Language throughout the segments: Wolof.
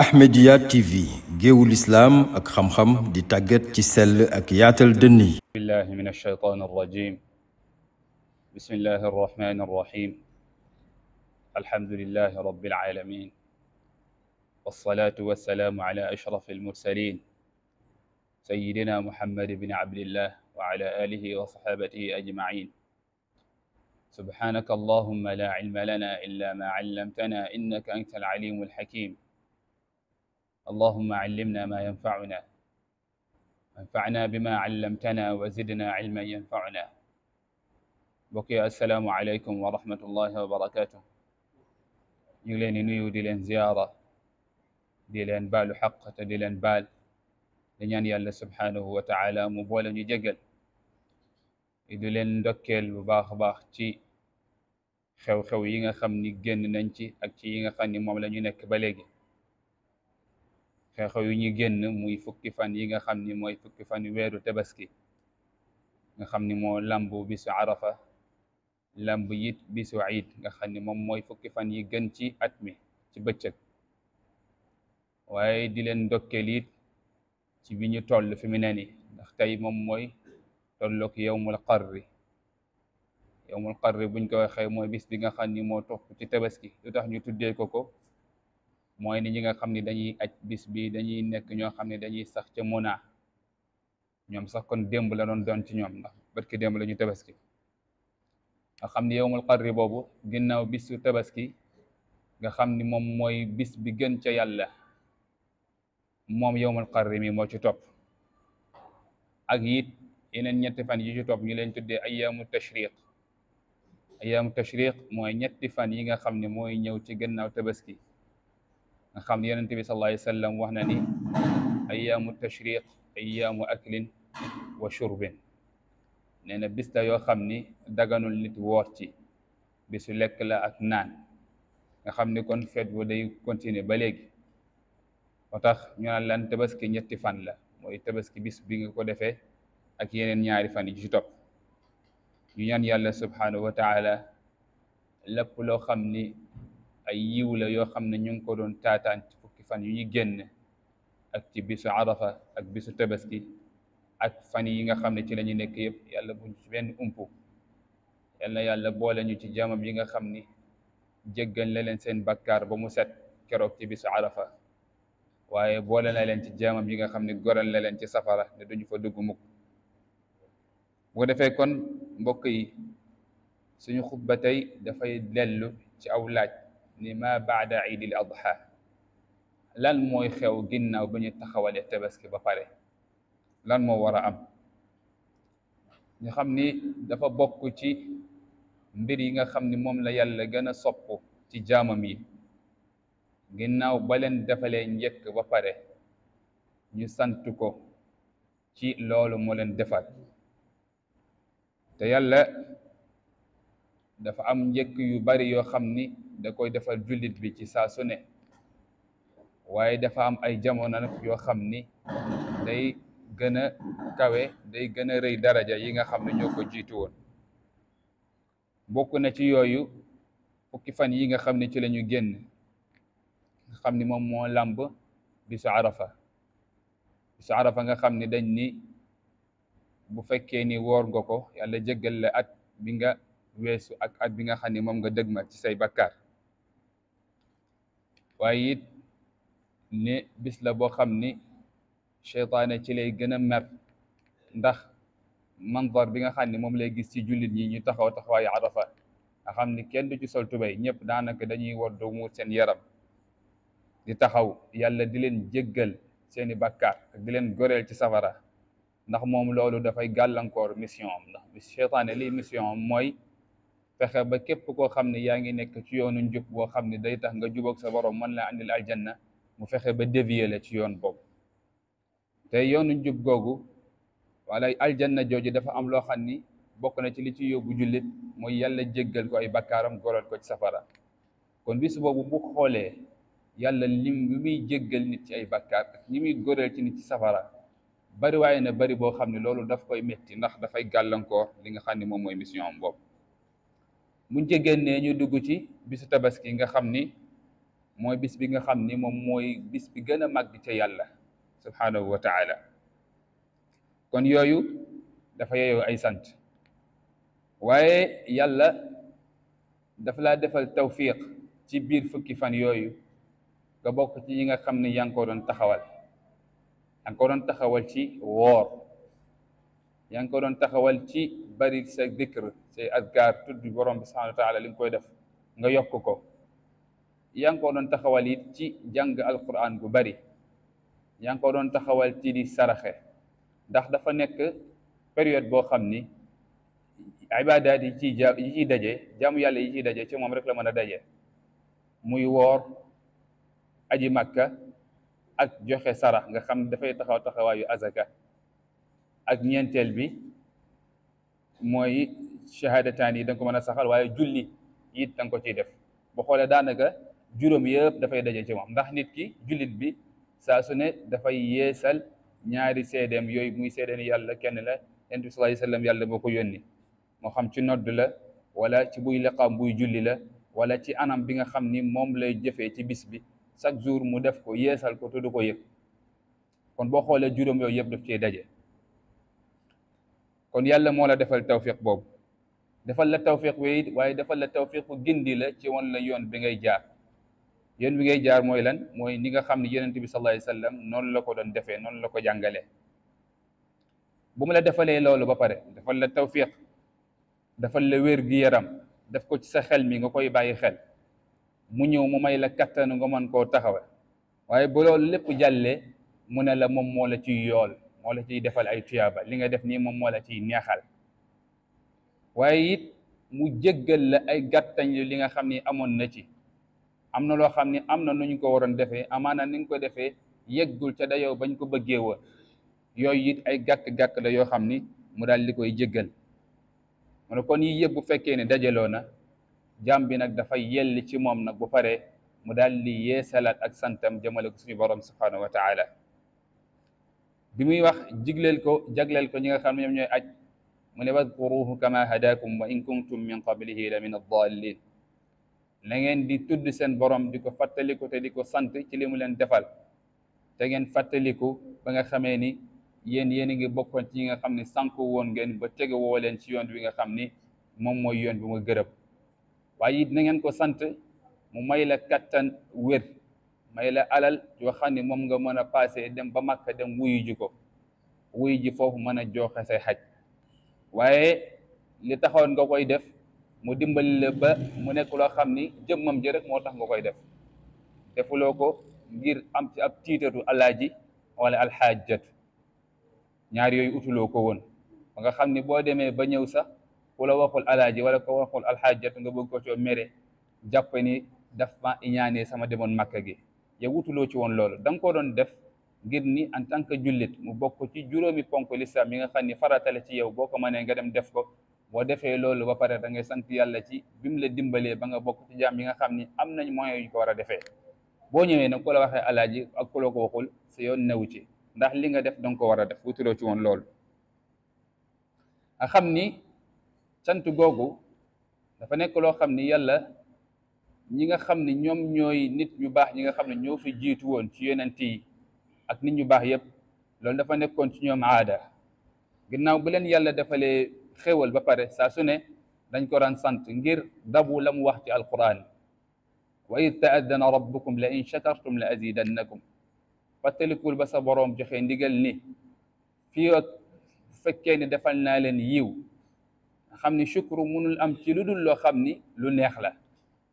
Ahmedia TV géewu lislaam ak xam-xam di tagat ci sel ak yaatal deñi billahi minash alshaytan rajim bismillahir rahmanir rahim alhamdulillahi rabbil alamin wassalatu wassalaamu ala ashrafil mursalin sayyidina muhammad ibn abdillah wa ala alihi wa sahabatihi ajmain subhanaka allahumma la ilma lana illa ma allamtana innaka anta alalimu alhakim اللهم علمنا ما ينفعنا انفعنا بما علمتنا وزدنا علما ينفعنا بقي السلام عليكم ورحمة الله وبركاته يلين نيو ديلين زيارة ديلين بال حقة ديلين بال لنيان يالا سبحانه وتعالى مبولا نجيجل يدلين دوكل وباخ باخ تي خيو خيو ييغا خامني ген نانتي اك تي ييغا خامني موم لا ني نيك xew-xew yu ñu génn muy fukki fan yi nga xam ni mooy fukki fan yu weeru tabaski nga xam ni moo lamb bisu arafa lamb it bisu iid nga xam ni moom mooy fukki fan yi gën ci at mi ci bëccëg waaye di leen ndokkeel it ci bi ñu toll fi mu ne ni ndax tey moom mooy tolloog yowmul qarri yowmul qarri buñ ko waxee mooy bis bi nga xam ni moo topp ci tabaski lu tax ñu tuddee ko ko mooy ni ñi nga xam ni dañuy aj bis bi dañuy nekk ñoo xam ne dañuy sax ca muna ñoom sax kon démb la doon doon ci ñoom ndax barki démb la ñu tabaski nga xam ni yowmul xarri boobu bisu tabaski nga xam mom moy mooy bis bi gën ca yàlla moom yowmul xarri mi moo ci topp ak it yeneen ñetti fan yi ci topp ñu leen tuddee ayaamu tashriq ayaamu tashriq mooy ñetti fan yi nga xam ne mooy ñëw ci gannaaw tabaski نخام ديال النبي صلى الله عليه وسلم وهنا ني ايام التشريق ايام اكل وشرب نينا بيستا يو خامني دغانو نيت وورتي بيس لك لا اك نان خامني كون فيت بو داي كونتيني با ليغي وتاخ نيو لان تبسكي نيتي فان لا موي تبسكي بيس بيغا كو ديفه اك يينن نياري فان جي توك ني نيان يالله سبحانه وتعالى لب لو خامني ay yiw la yoo xam ne ñu ngi ko doon taataan ci fukki fan yu ñu génn ak ci bisu arafa ak bisu tabaski ak fan yi nga xam ne ci la ñu nekk yëpp yàlla buñ ci benn umpu yàlla na yàlla boole ñu ci jaamam yi nga xam ni jéggal la leen seen bakkaar ba mu set keroog ci bisu arafa waaye boole na leen ci jaamam yi nga xam ne goral la leen ci safara ne duñu fa dugg mukk bu defee kon mbokk yi suñu xutba tey dafay dellu ci aw laaj لما بعد عيد الأضحى لن موي خيو جنة وبني تخوال يتبس كي بفاري لن مو وراء أم نخمني دفا بوكو تي مبيري نغا خمني موم لا يالا جانا صبو تي جاما مي جنة وبلن دفالي نيك بفاري ني سانتوكو تي لولو مولن دفال تيالا دفا أم نيك يو باري يو خمني da koy defal jullit bi ci saa ne waaye dafa am ay jamono nag yoo xam ni day gën a kawe day gën a rëy daraja yi nga xam ne ñoo ko jiitu woon bokk na ci yooyu fukki fan yi nga xam ne ci lañu génn xam ni moom moo làmb bi arafa bisu arafa nga xam ni dañ ni bu fekkee ni woor nga ko yàlla jéggal la at bi nga weesu ak at bi nga xam ni moom nga dëgmal ci say bakkaar وايد ني بس لا بو خامني شيطان تي لي غنا مر ندخ منظر بيغا خاني موم لي غيس سي جوليت ني ني تاخاو تاخوا يا عرفه خامني كين دو سي سول توباي نييب دانك داني ودو مو سين يرام دي تاخاو يالا دي لين جيغال سيني بكار دي لين غوريل سي سفاره ندخ موم لولو دا فاي غالانكور ميسيون ندخ الشيطان لي ميسيون موي fexe ba képp koo xam ne yaa ngi nekk ci yoonu njub boo xam ne day tax nga jubóog sa borom mën laa andil aljanna mu fexe ba dévier la ci yoon boobu te yoonu njub googu wala aljanna jooju dafa am loo xam ni bokk na ci li ci yóbbu jullit mooy yàlla jéggal ko ay bakkaaram golol ko ci safara kon bis boobu bu xoolee yàlla lim li muy jéggal nit ci ay bakkaar ak li muy goreel ci nit ci safara bari waaye na bari boo xam ne loolu daf koy metti ndax dafay gàllankoor li nga xam ne moom mooy mission am boobu mu ci ne ñu dugg ci bisu tabaski nga xam ni mooy bis bi nga xam ni moom mooy bis bi gën a màgg ca yàlla subhaanahu wa taala kon yooyu dafa yeyoo ay sant waaye yàlla dafa laa defal tawfiq ci biir fukki fan yooyu nga bokk ci nga xam ni yaa ngi ko doon taxawal yaa ko doon taxawal ci woor yaa ngi ko doon taxawal ci barit sa dikr say adkaar tudd borom bi subhanahu wa taala li nga def nga yokk ko yaa ko doon taxawal ci alquran gu bari yaa ngi ko doon taxawal ci di saraxe ndax dafa nekk période boo xam ni ibaadaat yi ciy yi ciy daje jamu yàlla yi ciy daje ci moom rek la mën muy woor aji makka ak joxe sarax nga xam dafay taxaw taxawaayu azaka ak ñeenteel bi mooy shahadataan yi da ko mën a saxal waaye julli it da ko ciy def boo xoolee daanaka juróom yëpp dafay daje ci moom ndax nit ki jullit bi saa su ne dafay yeesal ñaari seedeem yooyu muy seedeen yàlla kenn la yonent bi yàlla boo ko yónni moo xam ci nodd la wala ci buy liqaam buy julli la wala ci anam bi nga xam ni moom lay jëfee ci bis bi chaque jour mu def ko yeesal ko tudd ko yëg kon boo xoolee juróom yooyu yëpp daf cee daje kon yàlla moo la defal tawfiq boobu defal la tawfiq wéyit waaye defal la tawfiqu gindi la ci woon la yoon bi ngay jaar yoon bi ngay jaar mooy lan mooy ni nga xam ne yonent bi sallallahu alayhi wasallam noonu la ko doon defee noonu la ko jàngalee bu mu la defalee loolu ba pare defal la tawfiq defal la wér gi yaram def ko ci sa xel mi nga koy bàyyi xel mu ñëw mu may la kattanu nga mën koo taxawe waaye bu loolu lépp jàllee mu ne la moom moo la ciy yool moo la ciy defal ay tuyaaba li nga def nii moom moo la ciy neexal waaye it mu jëggal la ay gàttañ li nga xam ni amoon na ci am na loo xam ni am na nu ñu ko waroon defee amaana ni nga ko defee yëgul ca dayoo bañ ko bëggee woon yooyu it ay gàkk-gàkk la yoo xam ni mu daal di koy jéggal mu ne yëpp bu fekkee ne dajaloo na jàmm bi nag dafa yell ci moom nag bu paree mu daal di yeesalaat ak santam jëmale ko suñu borom subhanahu wa taala ko jagleel ko ñi nga xam ne ñoom ñooy aj ونذكروه كما هداكم وإن كنتم من قبله لمن الضالين لين دي تود سن بروم ديكو فاتليكو تي ديكو سانت سي لي مولن ديفال تا ген فاتليكو باغا خامي ني يين يينغي بوكون سي ييغا خامي سانكو وون ген با تيغي وولين سي يوند ويغا خامي موم موي يوند بوما غيرب واي يت نين كو سانت مو مايلا كاتان وير مايلا علال جو خاني موم غا مانا باسي ديم با مكه ديم وويو جيكو وويو جي فوفو مانا جوخ سي حاج waaye li taxoon nga koy def mu dimbali la ba mu nekk loo xam ni jëmmam ji rek moo tax nga koy def defuloo ko ngir am ci ab tiitatu alaaji wala alxaajatu ñaar yooyu utuloo ko woon ba nga xam ni boo demee ba ñëw sax ku la waxul alaaji wala ko waxul alxaajatu nga bëgg ko coo mere jàpp ni daf ma iñaanee sama demoon màkka gi yow utuloo ci woon loolu da nga ko doon def ngir ni en tant que jullit mu bokk ci juróomi ponk lislaam yi nga xam ni faratale ci yow boo ko mënee nga dem def ko boo defee loolu ba pare dangay sant yàlla ci bi mu la dimbalee ba nga bokk ci jaam yi nga xam ni am nañ moyen yu ñu ko war a defee boo ñëwee nag ku la waxee alaaji ak ku la yoon newu ci ndax li nga def danga ko war a def wutuloo ci woon loolu a xam ni sant googu dafa nekk loo xam ni yàlla ñi nga xam ni ñoom ñooy nit ñu baax ñi nga xam ne ñoo fi jiitu woon ci yonent yi ak nit ñu baax yépp loolu dafa nekkoon ci ñoom aada ginnaaw bu leen yàlla defalee xéewal ba pare saa su ne dañ ko daan sant ngir dabu la mu wax ci alquran wa id taadana rabbukum la in shakartum la azidannakum fàttalikul ba sa boroom joxe ndigal ni fii ak fekkee ni defal naa leen yiw nga xam ni shukru munul am ci lu dul loo xam ni lu neex la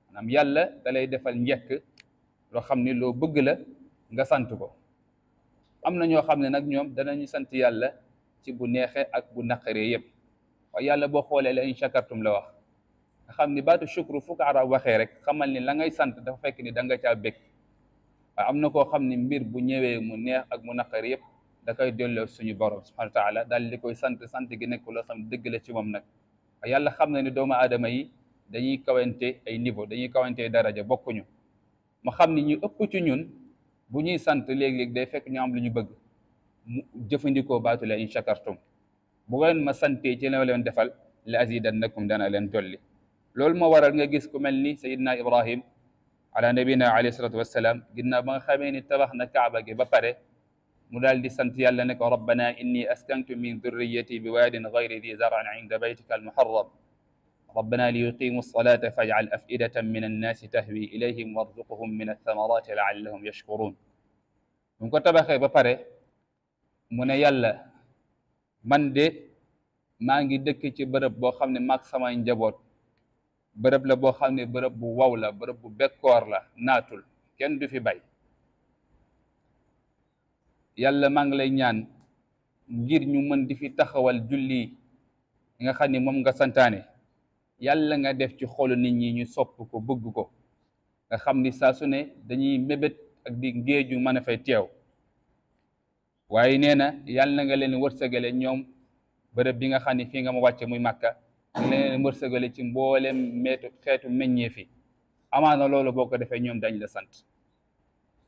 maanaam yàlla dalay defal njëkk loo xam ni loo bëgg la nga sant ko amna na ñoo xam ne nag ñoom danañu sant yàlla ci bu neexee ak bu naqaree yëpp wa yàlla bo xolé la in shakartum la wax xamni batu shukru fukara waxé rek xamal ni la ngay sant dafa fekk ni da nga ca bekk wa amna ko xamni mbir bu ñewé mu neex ak mu naqari yëpp da koy dello suñu borom subhanahu wa taala dal di koy sant sant gi nekk lo xam deug la ci mom nak wa yàlla xamna ni dooma adama yi dañuy kawante ay niveau dañuy kawante daraja bokkuñu mu xam ni ñu ëpp ci ñun bu ñuy sant léeg-léeg day fekk ñu am lu ñu bëgg mu jëfandikoo baatu la in shakartum bu ngeen ma santee ci la leen defal la azidannakum dana leen dolli loolu moo waral nga gis ku mel ni sayidna ibrahim ala nabina alayhi salatu wassalam ginnaaw ba nga xamee ni tabax na kaaba gi ba pare mu daal di sant yàlla ne ko rabbana inni askantu min dhurriyati bi waadin gayri di zaran inda baytika almuharram ربنا ليقيموا الصلاة فاجعل أفئدة من الناس تهوي إليهم وارزقهم من الثمرات لعلهم يشكرون من كتب خير بفره من يلا من دي ما عندي دك شيء برب بخامن ماك سما إنجبور برب لا بخامن برب بواولا برب بكور لا ناتل كن دفي باي يلا ما عندي نيان غير نيومن دفي تخوال جولي إن خاني مم غسنتاني yàlla nga def ci xolu nit ñi ñu sopp ko bëgg ko nga xam ni sasu ne dañuy mébét ak di ngéeju mën a fay teew waaye nee na yàlla nga leen wërsëgale ñoom bërëb bi nga xam ni fii nga ma wàcce muy màkka nga leen wërsëgale ci mbooleem meetu xeetu meññee amaana loolu boo ko defee ñoom dañ la sant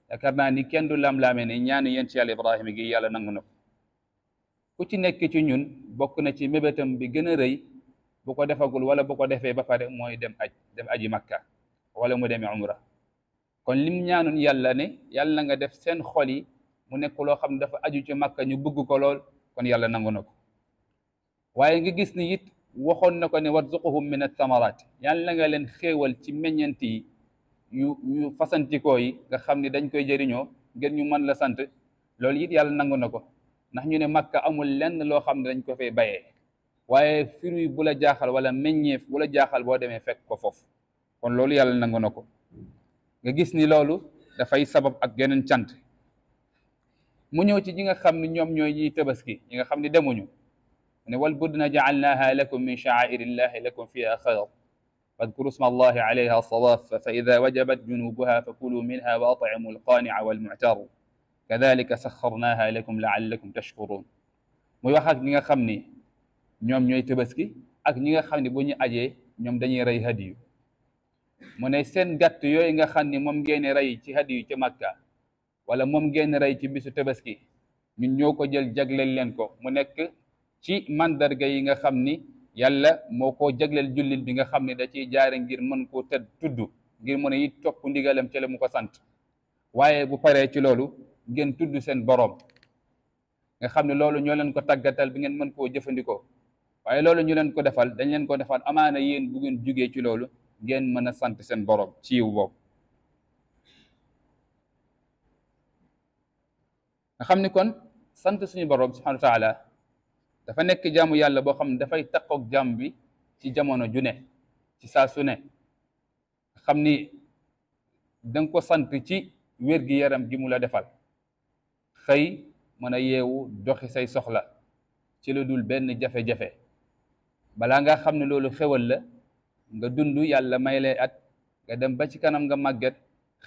yaakaar naa ni kenn du lam-laamee ne ñaanu yent yàlla ibrahima gi yàlla nangu na ko ku ci nekk ci ñun bokk na ci mébétam bi gën a rëy bu ko defagul wala bu ko defee ba pare mooy dem aj dem aju makka wala mu demee umra kon lim ñaanun yàlla ne yàlla na nga def seen xol yi mu nekk loo xam ne dafa aju ci makka ñu bëgg ko lool kon yàlla nangu na ko waaye nga gis ni it waxoon na ko ne warzuqhum min athamarat yàlla na nga leen xéewal ci meññant yi yu yu yi nga xam ne dañ koy jëriñoo ngir ñu mën la sant loolu it yàlla nangu na ko ndax ñu ne makka amul lenn loo xam ne dañ ko fay bayee waye fruit bu la jaaxal wala meññeef bu la jaaxal boo demee fekk ko fof kon lolu yàlla nangu ko nga gis ni lolu da fay sabab ak genen tiant mu ñëw ci gi nga xamni ñom ñoy ñooy tebaski gi nga xamni demuñu ne wal budna jaalnaha lakum min sha'airillahi lakum fiha xayr fadkuru sma allahi alayha sawaf fa ida wajabat junubuha fa kulu minha wa at'imu alqani'a walmu'tar kadhalika saxarnaha lakum la'allakum tashkurun muy wax ak ñi nga xam ñoom ñooy tebaski, ak ñi nga xam ne bu ñu ajee ñoom dañuy rey hadiyu mu ne seen gàtt yooyu nga xam ni moom ngeen rey ci hadiyu ci màkka wala moom ngeen rey ci bisu tabaski ñun ñoo ko jël jagleel leen ko mu nekk ci mandarga yi nga xam ni yàlla moo ko jagleel jullit bi nga xam ne da ciy jaare ngir mën koo tëdd tudd ngir mën a it ndigalam ci ko waaye bu paree ci loolu ngeen tuddu sen borom nga xam ne ñoo ko tàggatal bi ngeen mën koo waaye loolu ñu leen ko defal dañ leen ko defal amaana yéen bu ngeen jugee ci loolu ngeen mën a sant seen borom ci yiw boobu nga xam ni kon sant suñu borom subhanahu wa dafa nekk jaamu yàlla boo xam ne dafay takkoog jaam bi ci jamono ju ne ci saa su ne xam ni danga ko sant ci wér gi yaram gi mu la defal xëy mën a yeewu doxi say soxla ci lu dul benn jafe-jafe balaa nga xam ne loolu xewal la nga dund yàlla may lay at nga dem ba ci kanam nga màgget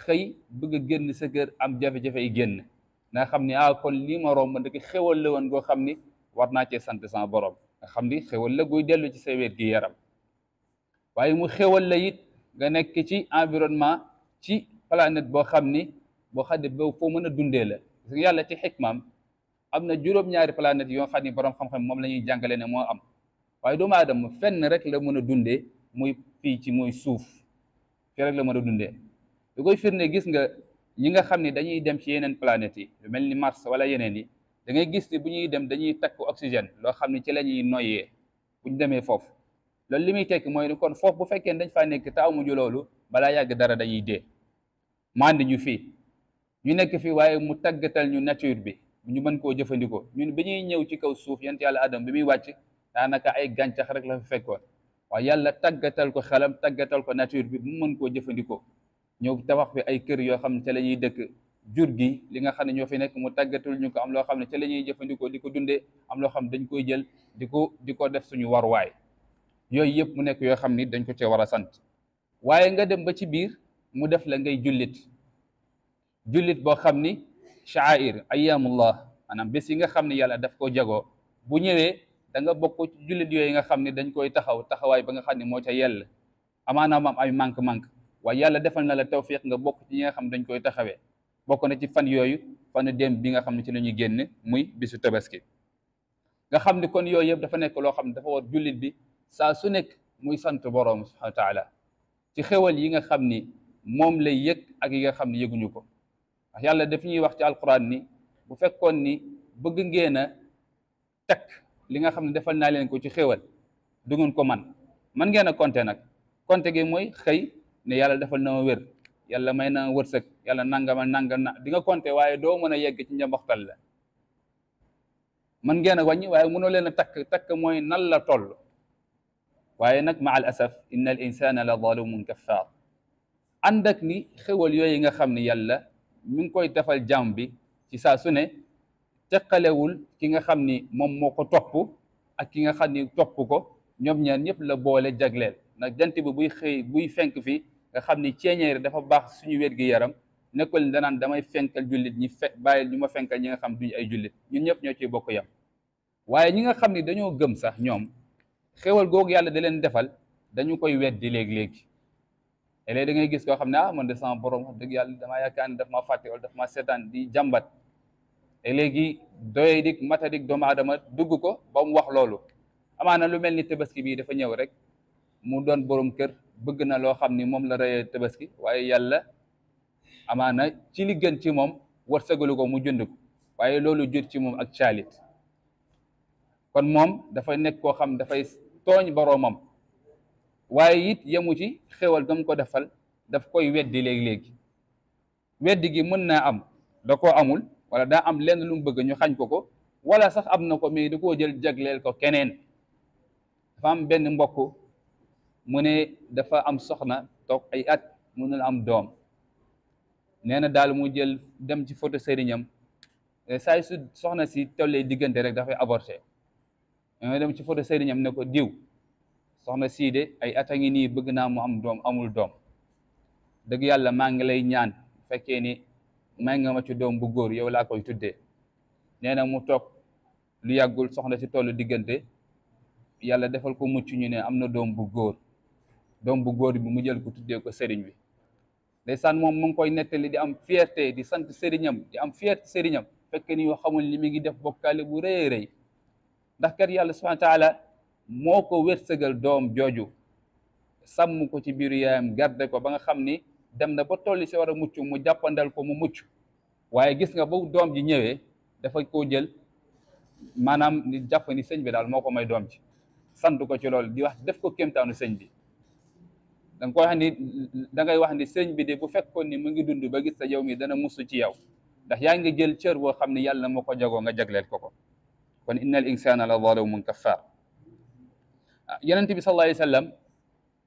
xëy bëgg a génn sa am jafe-jafe génn naa xam ni ah kon lii ma romb xewal la woon goo xam ni war naa cee sant sama borom xam ni xewal la guy dellu ci sa gi yaram waaye mu xewal la it nga nekk ci environnement ci planète boo xam ni boo xam ne boobu foo mën a dundee la parce yàlla ci xikmaam am na juróom-ñaari planète yoo xam ni borom xam-xam moom la ñuy jàngale ne moo am. waaye doomu aadama fenn rek la mën a dundee muy fii ci muy suuf fii rek la mën a dundee lu koy ne gis nga ñi nga xam ne dañuy dem ci yeneen planet yi mel ni Mars wala yeneen yi dangay gis ne bu ñuy dem dañuy takk oxygène loo xam ne ci la noyyee bu demee foofu loolu li muy tekki mooy ni kon foofu bu fekkee dañ faa nekk te amuñu loolu balaa yàgg dara dañuy dee mandi ñu fii ñu nekk fii waaye mu tàggatal ñu nature bi ñu mën koo jëfandikoo ñun bi ñuy ñëw ci kaw suuf yent yàlla adam bi muy wàcc daanaka ay gàncax rek la fa fekkoon waaye yàlla tàggatal ko xelam tàggatal ko nature bi mu mën koo jëfandikoo ñëw tabax bi ay kër yoo xam ne ca la dëkk jur gi li nga xam ne ñoo fi nekk mu tàggatul ñu ko am loo xam ne ca la jëfandikoo di ko dundee am loo xam ne dañ koy jël di ko di ko def suñu waruwaay yooyu yëpp mu nekk yoo xam ni dañ ko cee war a sant waaye nga dem ba ci biir mu def la ngay jullit jullit boo xam ni sha'air ayyamullah maanaam bés yi nga xam ne yàlla daf koo jagoo bu ñëwee da nga bokk ci jullit yooyu nga xam ne dañ koy taxaw taxawaay ba nga xam ne moo ca yell amaanaa maam ay manque-manque waaye yàlla defal na la tawfiq nga bokk ci ñi nga xam dañ koy taxawee bokk na ci fan yooyu fanu dem bi nga xam ne ci la ñuy génn muy bisu tabaski nga xam ne kon yooyu yëpp dafa nekk loo xam ne dafa war jullit bi saa su nekk muy sant boroom subhanahu wa ci xewal yi nga xam ni moom lay yëg ak yi nga xam ne yëguñu ko wax yàlla daf ñuy wax ci alquraan ni bu fekkoon ni bëgg ngeen a takk li nga xam ne defal naa leen ko ci xéewal du ngeen ko man man ngeen a compter nag compter gi mooy xëy ne yàlla defal na ma wér yàlla may na ma wërsëg yàlla nangama nangam na di nga compter waaye doo mën a yegg ci njambaxtal la man ngeen a wàññi waaye mënoo leen a takk takk mooy nan la toll waaye nag ma al asaf inna al insana la zalumun kaffaar ànd ak ni xéwal yooyu nga xam ne yàlla mi ngi koy defal jàmm bi ci saa su ne تقلول كينغا خامني موم موكو توپو اك كينغا خامني توپو كو نيوم نيان نيب لا بولي جاغلل نا جانت بوي خي بوي فينك في غا خامني تيانير دا باخ سونو ويرغ يارام نيكول نان داماي فينكال جوليت ني باي نيما فينكال نيغا خام دوج اي جوليت ني نيب نيو تي بوكو يام واي نيغا خامني دانيو گم صاح نيوم خيوال گوغ يالا دلين ديفال كوي ويدي ليك ليك elle da ngay gis ko xamna ah, man de sama borom wax deug yalla dama yakane daf ma fatte wala daf ma jambat léegi doye dik matadik doomu aadama dugg ko ba mu wax loolu amaana lu mel ni tabaski bii dafa ñëw rek mu doon borom kër bëgg na loo xam ni moom la reyee tabaski waaye yàlla amaana ci li gën ci moom wërsëgalu ko mu jënd ko waaye loolu jur ci moom ak caalit kon moom dafa nekk koo xam dafay tooñ boroomam waaye it yemu ci xewal gam ko defal daf koy weddi léegi-léegi weddi gi mën naa am da ko amul wala da am lenn lu mu bëgg ñu xañ ko ko wala sax am na ko mais da koo jël jagleel ko keneen dafa am benn mbokk mu ne dafa am soxna toog ay at mënul am doom nee na daal mu jël dem ci photo sëriñam saay su soxna si tollee diggante rek dafay avorté ñoo dem ci photo sëriñam ne ko diw soxna sii de ay at a ngi nii bëgg naa mu am doom amul doom dëgg yàlla maa ngi lay ñaan fekkee ni may nga ma ci doom bu góor yow laa koy tuddee nee na mu toog lu yàggul soxna si tollu diggante yàlla defal ko mucc ñu ne am na doom bu góor doom bu góor bi mu jël ko tuddee ko sëriñ bi de ndeysaan moom mu koy nettali di am fierte di sant sëriñam di am fierté sëriñam fekk ni yoo xamul mi ngi def bokkaale bu rëy rëy ndax kat yàlla subhana taala moo ko wërsëgal doom jooju sàmm ko ci biiru yaayam garde ko ba nga xam ni dem na ba tolli si war a mucc mu jàppandal ko mu mucc waaye gis nga boo doom ji ñëwee dafa koo jël maanaam ni jàpp ni sëñ bi daal moo ko may doom ji sant ko ci lool di wax def ko kéemtaanu sëñ bi da nga koy wax ni da wax ni sëñ bi de bu fekkoon ni mu ngi dund ba gis sa yow mi dana musu ci yow ndax yaa ngi jël cër boo xam ne yàlla moo ko jagoo nga jagleel ko ko kon innal insana la zalumun kaffar ah, yenent bi sallallahu alayhi wa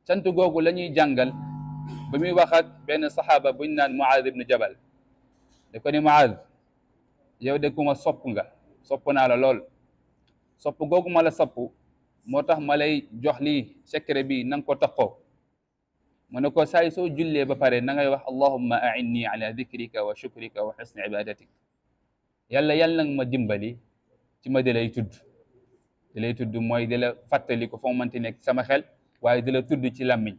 sant googu lañuy jàngal ba muy wax ak benn saxaaba buñ naan Muaaz ibnu Jabal da ko ni Muaaz yow de ku ma sopp nga sopp naa la lool sopp googu ma la sopp moo tax ma lay jox lii secret bi na nga ko taxoo mu ne ko saay soo jullee ba pare na ngay wax allahumma ainni ala dikrika wa shukrika wa xusni ibadatik yàlla yàlla ma dimbali ci ma di tudd di tudd mooy di fàttali ko foo mënti nekk sama xel waaye di la tudd ci làmmiñ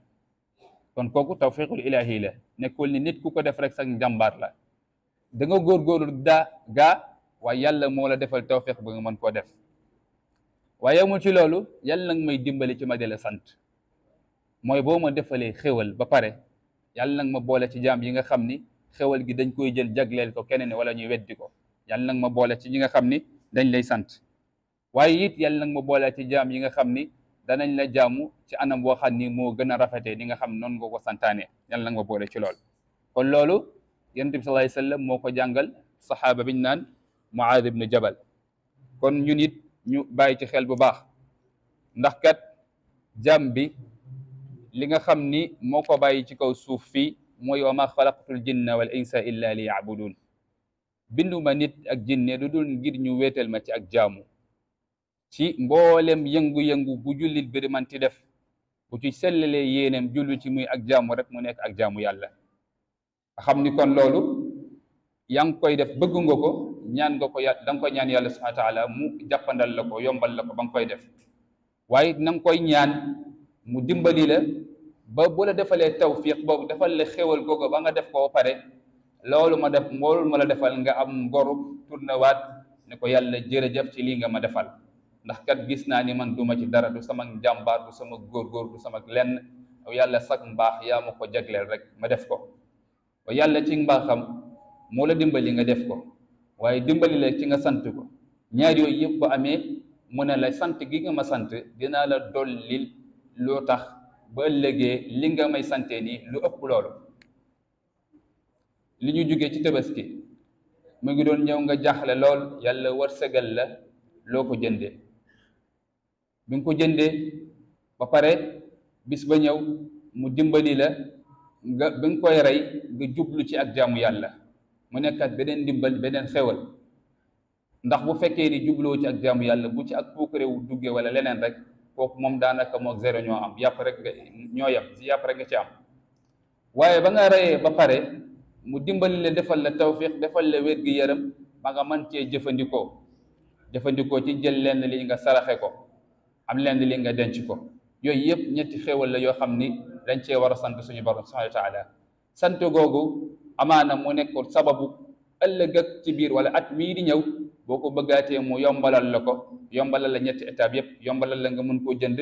kon kooku tawfiqul ilahi la nekkul ni nit ku ko def rek sax njàmbaar la da nga góorul daa gaa waaye yàlla moo la defal tawfiq ba nga mën koo def waaye mu ci loolu yàlla nag may dimbali ci ma dele sant mooy boo ma defalee xéwal ba pare yàlla nag ma boole ci jaam yi nga xam ni xéwal gi dañ koy jël jagleel ko keneen wala ñuy weddi ko yàlla nag ma boole ci ñi nga xam ni dañ lay sant waaye it yàlla nag ma boole ci jaam yi nga xam ni danañ la jamu ci anam bo xamni mo gëna rafété ni nga xam non nga ko santané yàlla nga boole ci lool kon loolu yonent sallallahu alayhi wasallam moko jàngal sahaba biñ nan Muaad ibn Jabal kon ñun nit ñu bay ci xel bu baax ndax kat jam bi li nga xamni moko bay ci kaw suuf fi moy wa ma khalaqtul jinna wal insa illa liya'budun binduma nit ak jinne dudul ngir ñu wéetal ma ci ak jamu ci mboolem yëngu-yëngu bu jullit bi manti def bu ci sellalee yeneen jullu ci muy ak jaamu rek mu nekk ak jaamu yàlla a xam ni kon loolu yaa ngi koy def bëggu nga ko ñaan nga ko yàlla da nga koy ñaan yàlla subhana wa taala mu jàppandal la ko yombal la ko banga koy def waaye na koy ñaan mu dimbali la ba bu la defalee tawfiq boobu defal la xéwal googu ba nga def ko pare loolu ma def loolu ma la defal nga am ngoru tournewaat ne ko yàlla jërëjëf ci lii nga ma defal ndax kat gis naa ni man duma ci dara du sama njàmbaar du góor góorgóor du sama lenn yàlla sak mbaax yaa ma ko jagleel rek ma def ko yàlla ci mbaaxam moo la dimbali nga def ko waaye dimbali la ci nga sant ko ñaar yooyu yëpp ba amee mu ne la sant gi nga ma sant dinaa la dollil loo tax ba ëllëgee li nga may sante nii lu ëpp loolu li ñu jógee ci ki mu ngi doon ñëw nga jaaxle lool yàlla wërsëgal la loo ko jëndee bi nga ko jëndee ba pare bis ba ñëw mu dimbali la nga bi nga koy rey nga jublu ci ak jaamu yàlla mu nekkaat beneen ndimbal beneen xewal ndax bu fekkee ni jubloo ci ak jaamu yàlla bu ci ak puukare wu duggee wala leneen rek kooku moom daanaka moog zéro ñoo am yàpp rek nga ñoo yem yàpp rek nga ci am waaye ba nga reyee ba pare mu dimbali la defal la tawfiq defal la wér gi yaram ba nga mën cee jëfandikoo jëfandikoo ci jël lenn li nga saraxe ko am lenn li nga denc ko yooyu yëpp ñetti xéewal la yoo xam ni dañ cee war a sant suñu borom subhanahu wa taala sant googu amaana mu nekk sababu ëllëg ak ci biir wala at mii di ñëw boo ko bëggaatee mu yombalal la ko yombalal la ñetti étape yëpp yombalal la nga mun koo jënd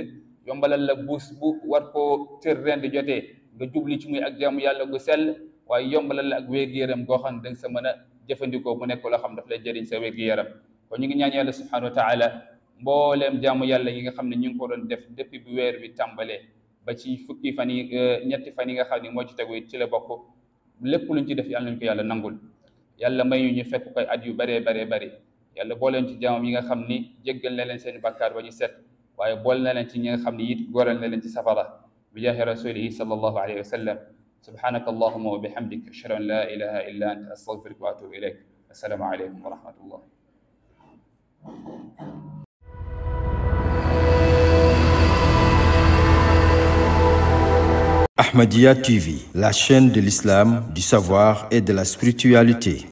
yombalal la buus bu war koo tër ren di jotee nga jubli ci muy ak jaamu yàlla gu sell waaye yombalal la ak wér yaram goo xam ne da sa mën a jëfandikoo mu nekk loo xam daf lay jëriñ sa wér yaram kon ñu ngi mbollem jamu yàlla yi nga xamne ñing ko doon def depuis bi wër bi tambalé ba ci fukki fan yi ñetti fan yi nga xam mo ci tegu ci la bokku lépp luñ ci def yàlla ñu ko yàlla nangul yàlla may ñu ñu fekk koy at yu bare bare bare yàlla bo leen ci jamu yi nga xam jéggal na leen seen bakkar ba ñu set waye bool na leen ci ñi nga xam yit goral na leen ci safara bi jahi rasulih sallallahu alayhi wasallam سبحانك اللهم وبحمدك اشهد ان لا اله الا انت استغفرك واتوب اليك السلام عليكم ورحمه الله Ahmadiyya TV, la chaîne de l'islam, du savoir et de la spiritualité.